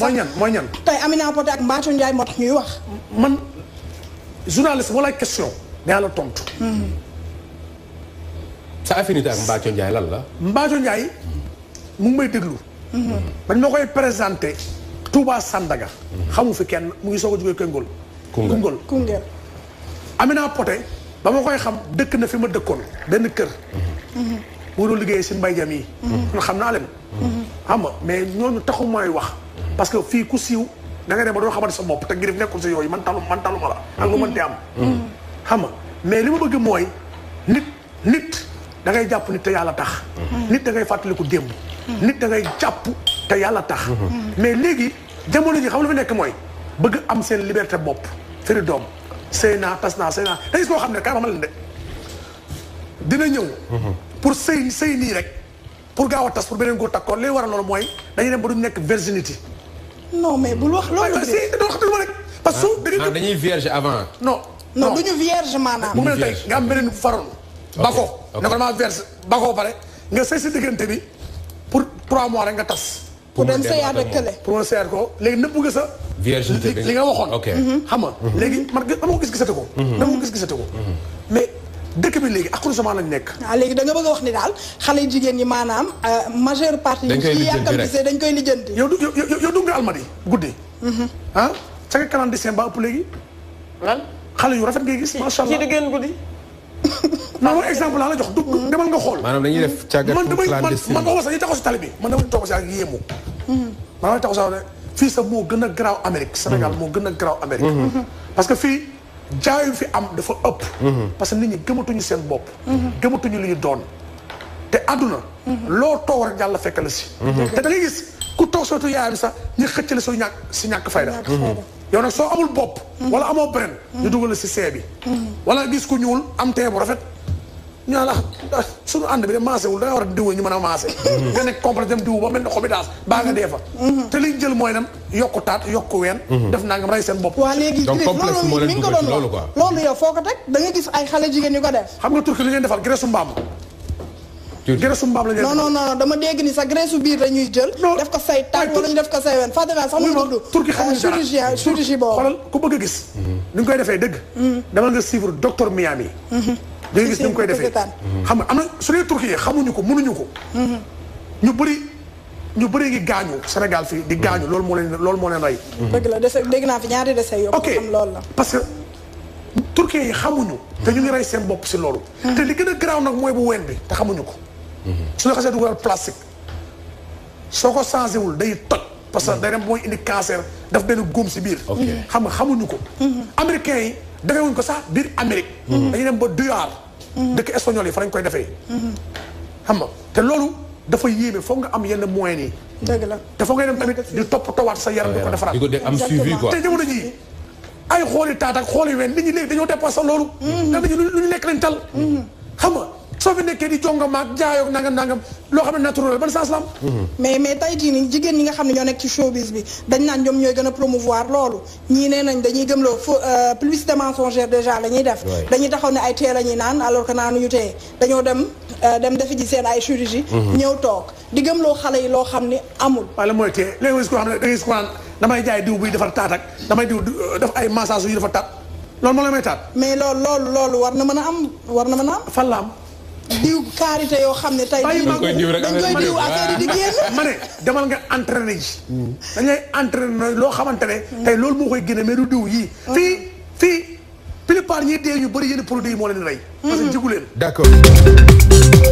mooy ñan mooy ñan. tey Amina Poté ak Mbathio Ndiaye moo tax ñuy wax. man journaliste wala question. dinaa la tontu. Mm-hmm. sa affinité ak Mbathio Ndiaye lan la. Mbathio Ndiaye may déglu. Mm-hmm. dañ ma koy présenté Touba Sandaga. Mm-hmm. xamu fi kenn mu ngi soog a jógee Kengol. Koungheul Amina Poté ba ma koy xam dëkk na fi ma dëkkoon benn kër. mu doon liggéeyee si mbay jam yi. xam naa leen. xam mais ñooñu taxu wax. parce que fii ku siiw da nga dem ba doo xamante sa bopp te ngir nekkul si yooyu man talu man taluma la ak lu mënti am xam nga mais li ma bëgg mooy nit nit da ngay jàpp nit te yàlla tax nit da ngay fàttaliku démb nit da ngay jàpp te yàlla tax mais léegi jamono ji xam lu fi nekk mooy bëgg am seen liberté bopp firi doom sëy naa tas naa sëy naa da gis xam ne kaa ma leen de dina ñëw pour sëy sëy nii rek pour gaaw a tas pour beneen góor takkoon li war a loolu mooy dañuy dem ba duñ non mais bul wax loolu de. Ah, si waxtuma rek parce que. Ah, dañuy vierge avant. no non duñu vierge maanaam. mu mel tey nga am beneen farol. bako ne ko damaa vierge bako pare nga sëy si diggante bi pour trois mois rek nga tas. pour dem sëyaat ak kële. pour sëyaat ko léegi nëpp nga sa. vierge li nga waxoon. ok xam nga mhm. léegi man dama ko gis gisate ko. Mhm. dama ko gis gisate ko mhm. dëkk bi léegi accroissement lañ nekk. waaw ah, léegi da nga bëgg a wax ni daal xale jigéen ñi maanaam euh, majeure partie. dañ koy dañ koy lijjanti. yow du yow yow dugg nga almadi guddi. Mhm. ah ca kanam di yu rafet ngay gis. macha allah ci diggéen guddi. non non exemple laa la jox. dugg mhm. demal nga xool. maanaam dañuy def càggat pour clandestine man man man sax ñi mhm. fii sax moo gën a garaaw Amérique. Sénégal moo gën a garaaw Amérique. parce que fii. jaayu fi am dafa ëpp. Mhm. parce que nit ñi gëmatuñu seen bopp. Mhm. gëmatuñu li ñu doon. te àdduna. Mhm. loo toog rek yàlla fekk la si. te da gis ku toog sootu yaayam sax ñu xëcc la soo ñàkk si ñàkk fayda. yow nag soo amul bopp. wala amoo benn. ñu dugal la si see bi. wala gis ku ñëwul am tee bu rafet. ñu naan ah suñu ànd bi de maase wul da nga war a diw ñu mën a maase. Mm-hmm. nga nekk complet dem diw ba mel ne xobi baa nga dee fa. Mm-hmm. te liñ jël mooy nam yokku taat yokku ween. Mm-hmm. def naa nga gis ay xale jigéen yu ko def. xam nga turki li ngeen defal graisse mbaam. mbaam la ngeen non non dama dégg ni sa graisse su biir dañuy jël. def ko say taat wala ñu def ko say ween Fatou Seye sax mu tudd. turki xamuñu euh, dara chirurgien chirurgie boobu. xoolal ku bëgg a gis. ni ñu koy da ngay mu koy defee xam nga am na su dee xamuñu ko mënuñu ko mm-hmm. ñu bëri ñu bëri ngi gaañu Sénégal fii di gaañu mm-hmm. loolu moo leen loolu moo leen rey mm-hmm. dëgg la dégg naa fi ñaari dese yoo ok loolu la parce que Turquie xamuñu te ñu ngi rey seen bopp si loolu te li gën a garaaw nag mooy bu ween bi te xamuñu ko su la xasee dugal plastique soo ko changé wul day toj parce que mm. day dem mooy indi cancer daf benn góom si biir. Mm-hmm. xam nga xamuñu ko. Mm-hmm. américains yi defee wuñ ko sax biir Amérique. Mm-hmm. dañuy dem ba Duyar. dëkk espagnol yi fa lañ koy defee. xam nga te loolu dafa yéeme foog nga am yenn moyens yi. dëgg la te foog nga dem tamit di topp tawaat sa yaram di ko defaraat. di ko def am suivi quoi te jamono jii. ay xooli taat xooli ween nit ñi léegi dañoo dépassé loolu. ndax nit ñi lu ñu lekk lañ tal. xam nga. soo fi nekkee di jonga maag jaayoog nangam nangam mais mais tey jii nii jigéen ñi nga xam ne ñoo nekk ci showbiz bi dañ naan ñoom ñooy gën a promouvoir loolu ñii nee nañ dañuy gëm loo euh, publicité mensongère déjà la ñuy def dañuy taxaw ne ay tee la ñuy naan alors que naanuñu tee dañoo dem euh, dem defi ji seen ay chirurgie mhm. ñëw toog di gëm loo xale yi loo xam ne amul wala mooy tee léegi xam ne da jaay diw buy defar damay diw euh, def yu dafa taat loolu moo la may mais loolu loolu loolu war na mën a am war na mën a am fan la am diw karité yoo xam ne tey. dañ koy diw rek dañ koy di génn. ma ne demal nga entraîné ji. dañ lay entraîné loo xamante ne. tey loolu moo koy génne mais du diw yii. Mm. fii fii plupart ñiy dee ñu bëri yenn produit yi moo leen rey. Mm-hmm. parce que jigu d'accord.